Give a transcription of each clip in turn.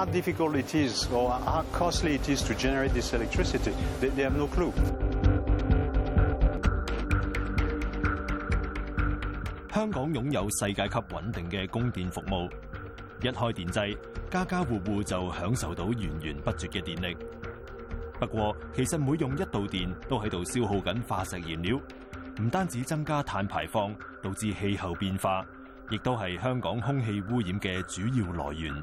How difficult it is, or how costly it is to generate this electricity, they have no clue. 香港擁有世界級穩定嘅供電服務，一開電掣，家家戶戶就享受到源源不絕嘅電力。不過，其實每用一度電都喺度消耗緊化石燃料，唔單止增加碳排放，導致氣候變化，亦都係香港空氣污染嘅主要來源。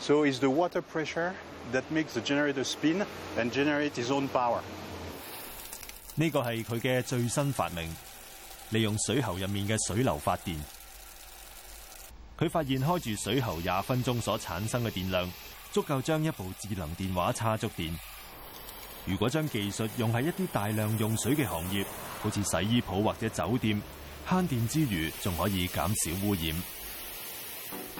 So it's the water pressure that makes the generator spin and generate his own power. 呢個係佢嘅最新發明，利用水喉入面嘅水流發電。佢發現開住水喉廿分鐘所產生嘅電量，足夠將一部智能電話叉足電。如果將技術用喺一啲大量用水嘅行業，好似洗衣鋪或者酒店，慳電之餘，仲可以減少污染。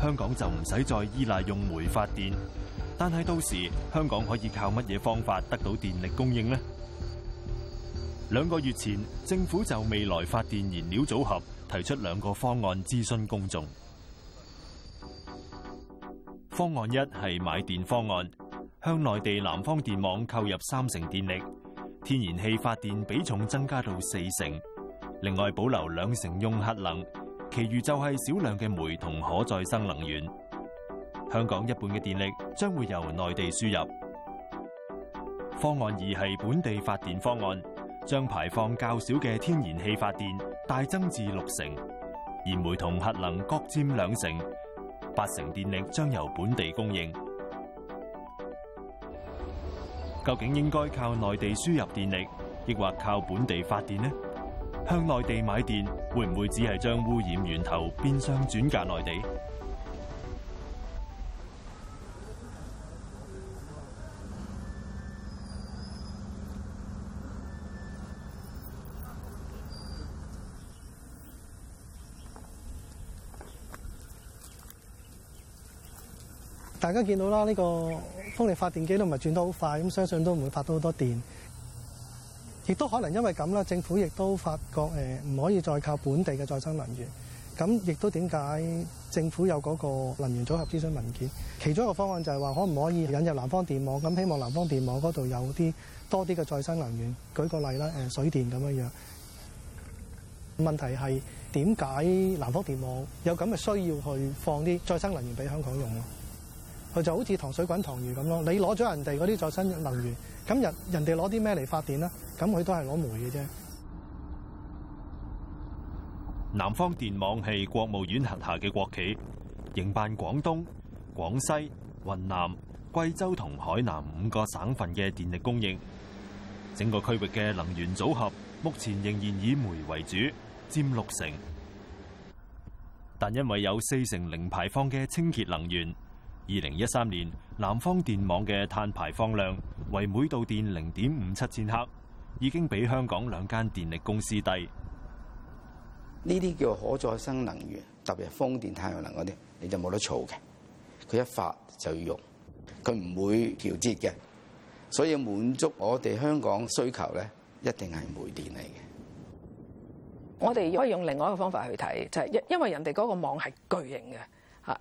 香港就唔使再依賴用煤發電，但係到時香港可以靠乜嘢方法得到電力供應呢？兩個月前，政府就未來發電燃料組合提出兩個方案諮詢公眾。方案一係買電方案，向內地南方電網購入三成電力，天然氣發電比重增加到四成，另外保留兩成用核能。其餘就係少量嘅煤同可再生能源。香港一半嘅電力將會由內地輸入。方案二係本地發電方案，將排放較少嘅天然氣發電大增至六成，而煤同核能各佔兩成，八成電力將由本地供應。究竟應該靠內地輸入電力，亦或靠本地發電呢？向內地買電，會唔會只係將污染源頭變相轉嫁內地？大家見到啦，呢個風力發電機都唔係轉得好快，咁相信都唔會發到好多電。亦都可能因為咁啦，政府亦都發覺誒唔可以再靠本地嘅再生能源。咁亦都點解政府有嗰個能源組合諮詢文件？其中一個方案就係話可唔可以引入南方電網，咁希望南方電網嗰度有啲多啲嘅再生能源。舉個例啦，誒水電咁樣樣。問題係點解南方電網有咁嘅需要去放啲再生能源俾香港用？佢就好似糖水滾糖魚咁咯，你攞咗人哋嗰啲再生能源，咁人人哋攞啲咩嚟發電呢？咁佢都係攞煤嘅啫。南方電網係國務院轄下嘅國企，營辦廣東、廣西、雲南、貴州同海南五個省份嘅電力供應。整個區域嘅能源組合目前仍然以煤為主，佔六成。但因為有四成零排放嘅清潔能源。二零一三年南方電網嘅碳排放量為每度電零點五七千克，已經比香港兩間電力公司低。呢啲叫可再生能源，特別係風電、太陽能嗰啲，你就冇得儲嘅。佢一發就要用，佢唔會調節嘅。所以滿足我哋香港需求咧，一定係煤電嚟嘅。我哋可以用另外一個方法去睇，就係因因為人哋嗰個網係巨型嘅。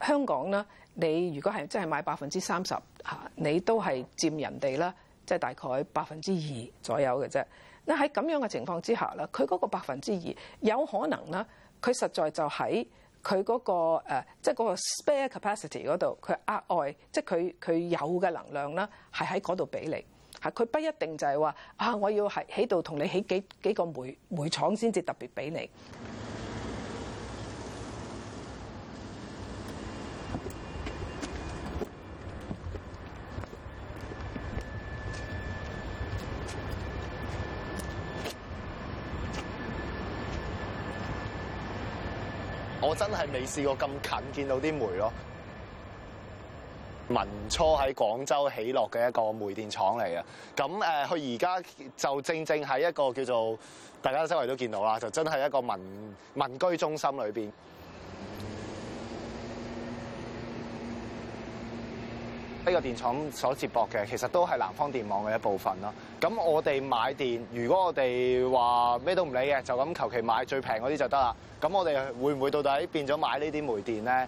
香港咧，你如果係真係買百分之三十吓，你都係佔人哋啦，即係大概百分之二左右嘅啫。嗱喺咁樣嘅情況之下咧，佢嗰個百分之二有可能咧，佢實在就喺佢嗰個誒，即係嗰個 spare capacity 嗰度，佢額外即係佢佢有嘅能量啦，係喺嗰度俾你。佢不一定就係話啊，我要係喺度同你起幾幾個煤煤廠先至特別俾你。未試過咁近見到啲煤咯，民初喺廣州起落嘅一個煤電廠嚟嘅。咁誒佢而家就正正係一個叫做大家周圍都見到啦，就真係一個民民居中心裏邊。呢個電廠所接駁嘅其實都係南方電網嘅一部分啦。咁我哋買電，如果我哋話咩都唔理嘅，就咁求其買最平嗰啲就得啦。咁我哋會唔會到底變咗買呢啲煤電呢？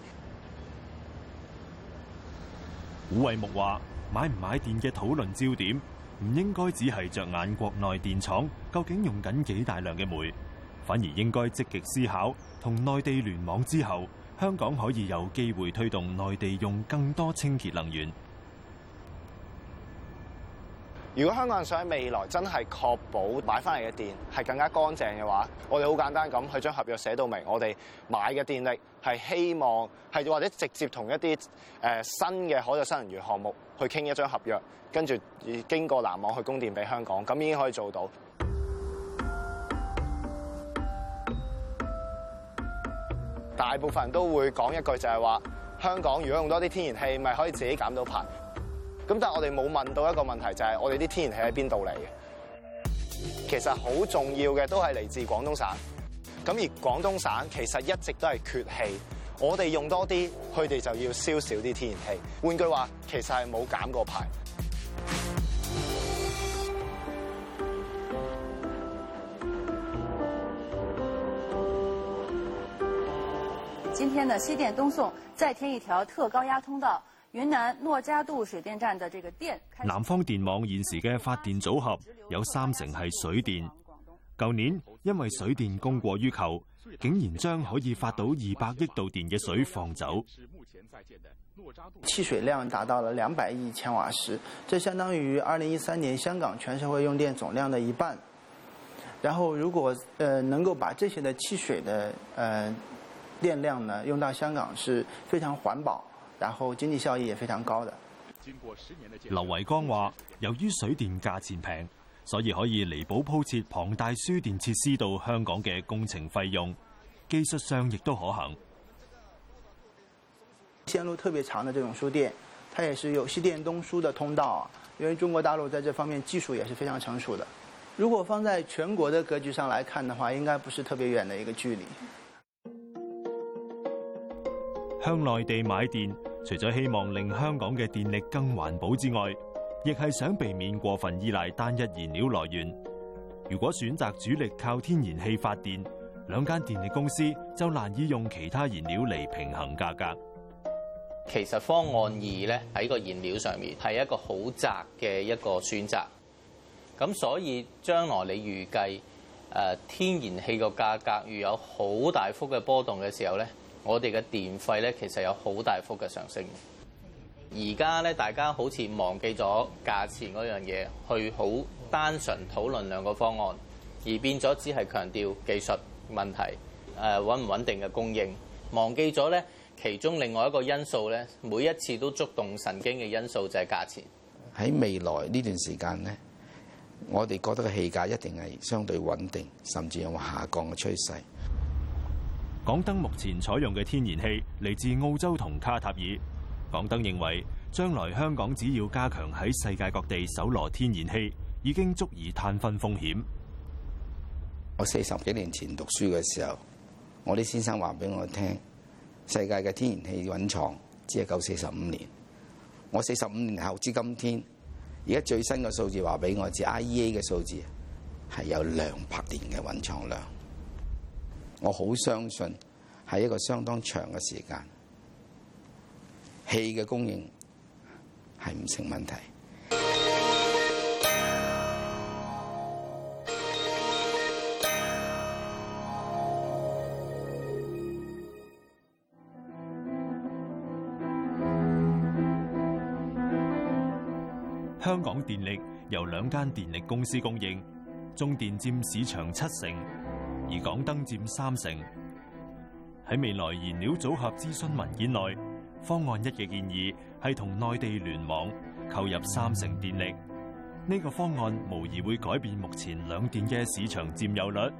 胡偉木話：買唔買電嘅討論焦點，唔應該只係着眼國內電廠究竟用緊幾大量嘅煤，反而應該積極思考同內地聯網之後，香港可以有機會推動內地用更多清潔能源。如果香港人想喺未來真係確保買翻嚟嘅電係更加乾淨嘅話，我哋好簡單咁去將合約寫到明，我哋買嘅電力係希望係或者直接同一啲、呃、新嘅可再生能源項目去傾一張合約，跟住經過南網去供電俾香港，咁已經可以做到。 大部分人都會講一句就係話，香港如果用多啲天然氣，咪可以自己減到排。咁但係我哋冇問到一個問題，就係我哋啲天然氣喺邊度嚟嘅？其實好重要嘅都係嚟自廣東省。咁而廣東省其實一直都係缺氣，我哋用多啲，佢哋就要燒少啲天然氣。換句話，其實係冇減過排。今天呢，西電東送再添一條特高壓通道。雲南糯扎渡水電站的這個電，南方電網現時嘅發電組合有三成是水電。舊年因為水電供過於求，竟然將可以發到二百億度電嘅水放走。目前在建的糯扎渡棄水量達到了兩百億千瓦時，這相當於二零一三年香港全社會用電總量的一半。然後如果呃能夠把這些的棄水的呃電量呢用到香港是非常環保。然後經濟效益也非常高。的劉維剛話，由於水電價錢平，所以可以彌補鋪設龐大輸電設施到香港嘅工程費用，技術上亦都可行。綫路特別長的這種輸電，它也是有西電東輸的通道，因為中國大陸在這方面技術也是非常成熟的。如果放在全國的格局上來看的話，應該不是特別遠的一個距離。向內地買電。除咗希望令香港嘅電力更環保之外，亦係想避免過分依賴單一燃料來源。如果選擇主力靠天然氣發電，兩間電力公司就難以用其他燃料嚟平衡價格。其實方案二咧，喺個燃料上面，係一個好窄嘅一個選擇。咁所以將來你預計誒、呃、天然氣個價格如有好大幅嘅波動嘅時候咧？我哋嘅電費咧，其實有好大幅嘅上升。而家咧，大家好似忘記咗價錢嗰樣嘢，去好單純討論兩個方案，而變咗只係強調技術問題，誒穩唔穩定嘅供應，忘記咗咧其中另外一個因素咧，每一次都觸動神經嘅因素就係價錢。喺未來呢段時間咧，我哋覺得嘅氣價一定係相對穩定，甚至有下降嘅趨勢。港燈目前採用嘅天然氣嚟自澳洲同卡塔爾。港燈認為，將來香港只要加強喺世界各地搜羅天然氣，已經足以攤分風險。我四十幾年前讀書嘅時候，我啲先生話俾我聽，世界嘅天然氣蘊藏只係夠四十五年。我四十五年後至今天，而家最新嘅數字話俾我知，IEA 嘅數字係有兩百年嘅蘊藏量。我好相信係一個相當長嘅時間，氣嘅供應係唔成問題。香港電力由兩間電力公司供應，中電佔市場七成。而港燈佔三成。喺未來燃料組合諮詢文件內，方案一嘅建議係同內地聯網，購入三成電力。呢個方案無疑會改變目前兩電嘅市場佔有率。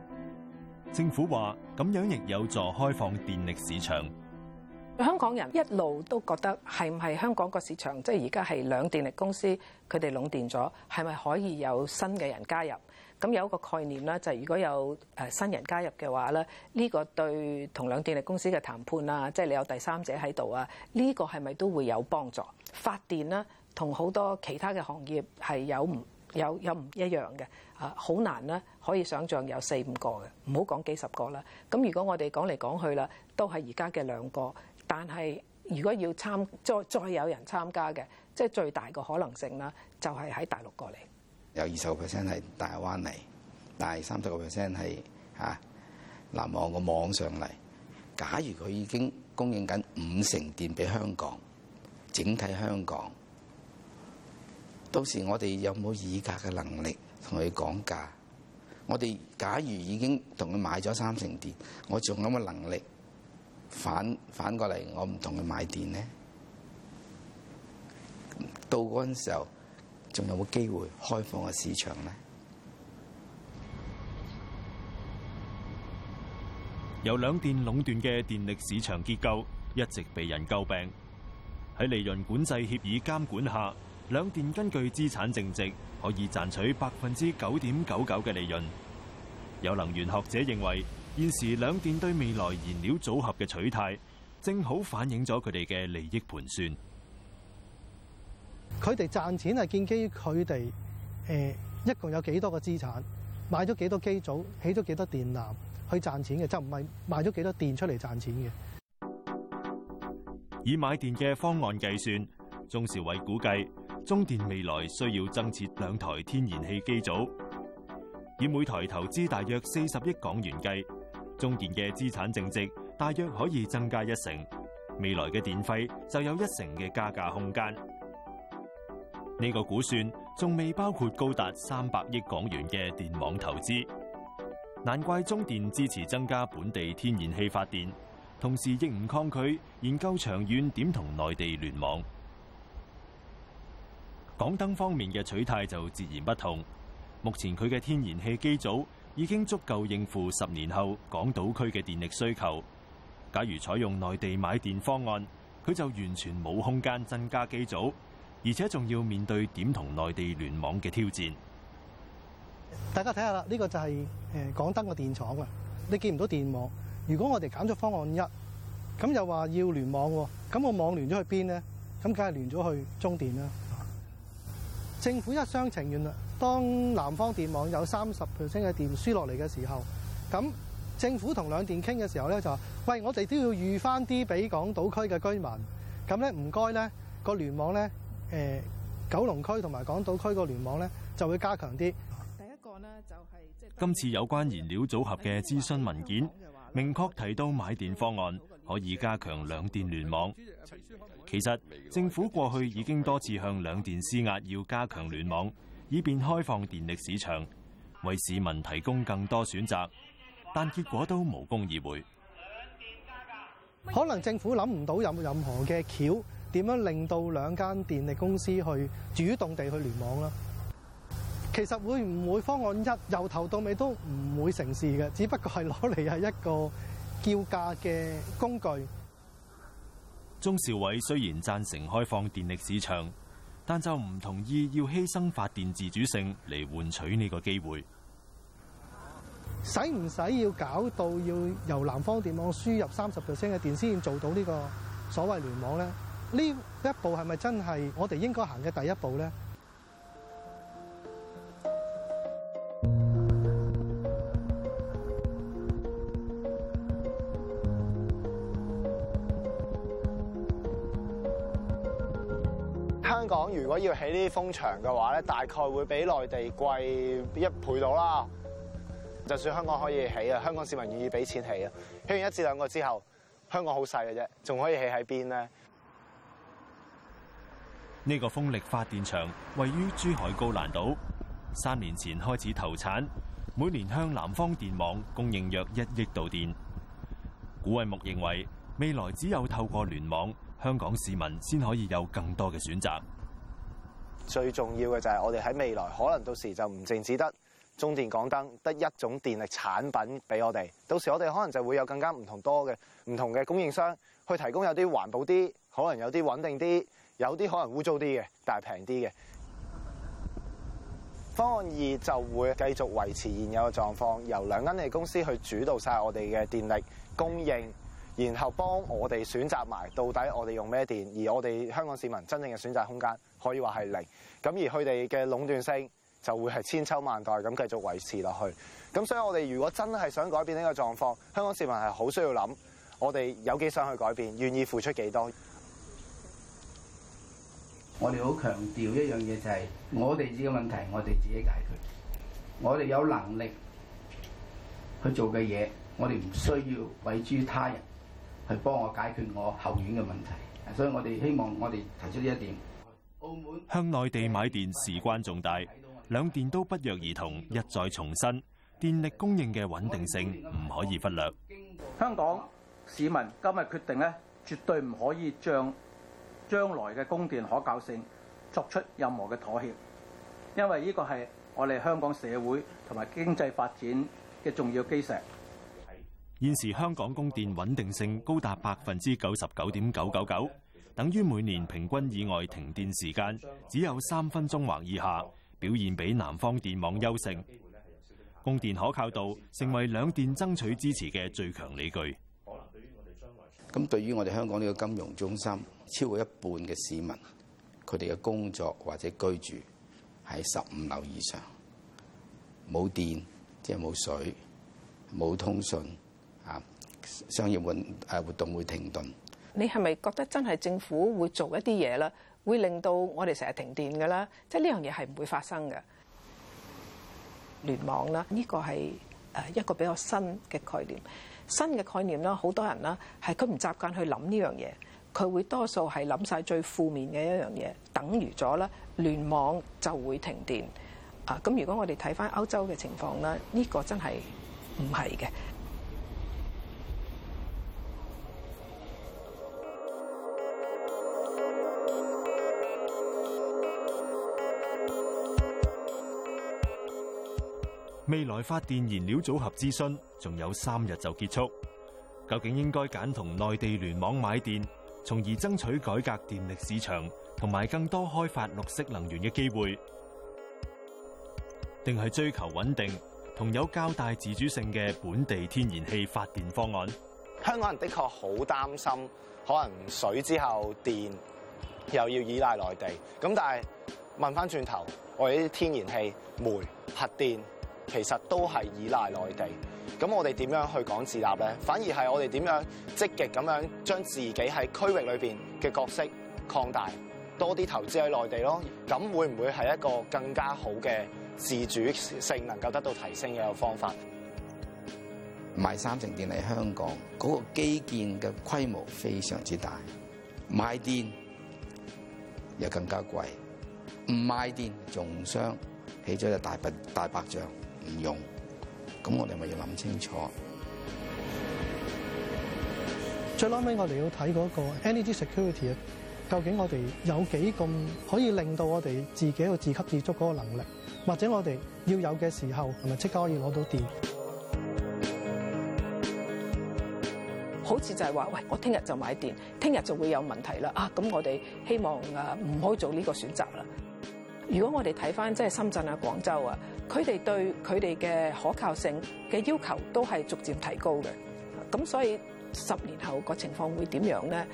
政府話咁樣亦有助開放電力市場。香港人一路都覺得係唔係香港個市場，即係而家係兩電力公司佢哋壟斷咗，係咪可以有新嘅人加入？咁有一個概念啦，就係如果有誒新人加入嘅話咧，呢個對同兩電力公司嘅談判啊，即係你有第三者喺度啊，呢個係咪都會有幫助？發電啦，同好多其他嘅行業係有唔有有唔一樣嘅啊，好難啦，可以想象有四五個嘅，唔好講幾十個啦。咁如果我哋講嚟講去啦，都係而家嘅兩個，但係如果要參再再有人參加嘅，即係最大嘅可能性啦，就係喺大陸過嚟。有二十個 percent 係大灣嚟，但係三十個 percent 係啊南網個網上嚟。假如佢已經供應緊五成電俾香港，整體香港，到時我哋有冇議價嘅能力同佢講價？我哋假如已經同佢買咗三成電，我仲有冇能力反反過嚟？我唔同佢買電呢？到嗰陣時候。仲有冇機會開放嘅市場呢？由兩電壟斷嘅電力市場結構一直被人詬病。喺利潤管制協議監管下，兩電根據資產淨值可以賺取百分之九點九九嘅利潤。有能源學者認為，現時兩電對未來燃料組合嘅取態，正好反映咗佢哋嘅利益盤算。佢哋賺錢係建基於佢哋誒一共有幾多個資產，買咗幾多機組，起咗幾多電纜去賺錢嘅，就唔係賣咗幾多電出嚟賺錢嘅。以買電嘅方案計算，鐘兆偉估計中電未來需要增設兩台天然氣機組，以每台投資大約四十億港元計，中電嘅資產淨值大約可以增加一成，未來嘅電費就有一成嘅加價空間。呢個估算仲未包括高達三百億港元嘅電網投資，難怪中電支持增加本地天然氣發電，同時亦唔抗拒研究長遠點同內地聯網。港燈方面嘅取態就截然不同，目前佢嘅天然氣機組已經足夠應付十年後港島區嘅電力需求。假如採用內地買電方案，佢就完全冇空間增加機組。而且仲要面對點同內地聯網嘅挑戰。大家睇下啦，呢、呢個就係誒港燈個電廠啊。你見唔到電網？如果我哋揀咗方案一，咁又話要聯網喎，咁個網聯咗去邊咧？咁梗係聯咗去中電啦。政府一廂情願啦。當南方電網有三十 percent 嘅電輸落嚟嘅時候，咁政府同兩電傾嘅時候咧，就話：喂，我哋都要預翻啲俾港島區嘅居民。咁咧唔該咧個聯網咧。呃、九龍區同埋港島區個聯網呢就會加強啲。第一個呢，就係今次有關燃料組合嘅諮詢文件，明確提到買電方案可以加強兩電聯網。其實政府過去已經多次向兩電施壓，要加強聯網，以便開放電力市場，為市民提供更多選擇，但結果都無功而回。兩電加價，可能政府諗唔到有任何嘅橋。點樣令到兩間電力公司去主動地去聯網啦？其實會唔會方案一由頭到尾都唔會成事嘅，只不過係攞嚟係一個叫價嘅工具。鐘兆偉雖然贊成開放電力市場，但就唔同意要犧牲發電自主性嚟換取呢個機會。使唔使要搞到要由南方電網輸入三十 percent 嘅電先做到呢個所謂聯網呢？呢一步係咪真係我哋應該行嘅第一步咧？香港如果要起呢啲風場嘅話咧，大概會比內地貴一倍到啦。就算香港可以起啊，香港市民願意俾錢起啊。起完一至兩個之後，香港好細嘅啫，仲可以起喺邊咧？呢、個風力發電場位於珠海高欄島，三年前開始投產，每年向南方電網供應約一億度電。古偉牧認為，未來只有透過聯網，香港市民先可以有更多嘅選擇。最重要嘅就係我哋喺未來可能到時就唔淨只得中電港燈得一種電力產品俾我哋，到時我哋可能就會有更加唔同多嘅唔同嘅供應商去提供有啲環保啲，可能有啲穩定啲。有啲可能污糟啲嘅，但係平啲嘅。方案二就會繼續維持現有嘅狀況，由兩間嘅公司去主導晒我哋嘅電力供應，然後幫我哋選擇埋到底我哋用咩電。而我哋香港市民真正嘅選擇空間可以話係零咁，而佢哋嘅壟斷性就會係千秋萬代咁繼續維持落去。咁所以我哋如果真係想改變呢個狀況，香港市民係好需要諗，我哋有幾想去改變，願意付出幾多。我哋好強調一樣嘢就係，我哋自己嘅問題，我哋自己解決。我哋有能力去做嘅嘢，我哋唔需要委諸他人去幫我解決我後院嘅問題。所以我哋希望我哋提出呢一點。向內地買電事關重大，兩電都不約而同一再重申，電力供應嘅穩定性唔可以忽略。香港市民今日決定咧，絕對唔可以將將來嘅供電可靠性作出任何嘅妥協，因為呢個係我哋香港社會同埋經濟發展嘅重要基石。現時香港供電穩定性高達百分之九十九點九九九，等於每年平均意外停電時間只有三分鐘或以下，表現比南方電網優勝。供電可靠度成為兩電爭取支持嘅最強理據。咁對於我哋香港呢個金融中心，超過一半嘅市民，佢哋嘅工作或者居住喺十五樓以上，冇電即係冇水，冇通訊啊，商業運誒活動會停頓。你係咪覺得真係政府會做一啲嘢啦，會令到我哋成日停電㗎啦？即係呢樣嘢係唔會發生嘅，聯網啦，呢個係誒一個比較新嘅概念。新嘅概念啦，好多人啦，係佢唔習慣去諗呢樣嘢，佢會多數係諗晒最負面嘅一樣嘢，等於咗咧，聯網就會停電啊，咁如果我哋睇翻歐洲嘅情況啦，呢個真係唔係嘅。未來發電燃料組合諮詢仲有三日就結束，究竟應該揀同內地聯網買電，從而爭取改革電力市場同埋更多開發綠色能源嘅機會？定係追求穩定同有較大自主性嘅本地天然氣發電方案？香港人的確好擔心，可能水之後電又要依賴內地。咁但係問返轉頭，我哋啲天然氣、煤、核電。其實都係依賴內地，咁我哋點樣去講自立咧？反而係我哋點樣積極咁樣將自己喺區域裏面嘅角色擴大，多啲投資喺內地咯。咁會唔會係一個更加好嘅自主性能夠得到提升嘅方法？賣三成電喺香港嗰個基建嘅規模非常之大，賣電又更加貴，唔賣電仲商起咗隻大大白象。唔用，咁我哋咪要諗清楚。最後尾我哋要睇嗰個 energy security 啊，究竟我哋有幾咁可以令到我哋自己個自給自足嗰個能力，或者我哋要有嘅時候，係咪即刻可以攞到電？好似就係話，喂，我聽日就買電，聽日就會有問題啦。啊，咁我哋希望啊，唔可以做呢個選擇啦。如果我哋睇翻即係深圳啊、廣州啊。佢哋對佢哋嘅可靠性嘅要求都係逐漸提高嘅，咁所以十年後個情況會點樣呢？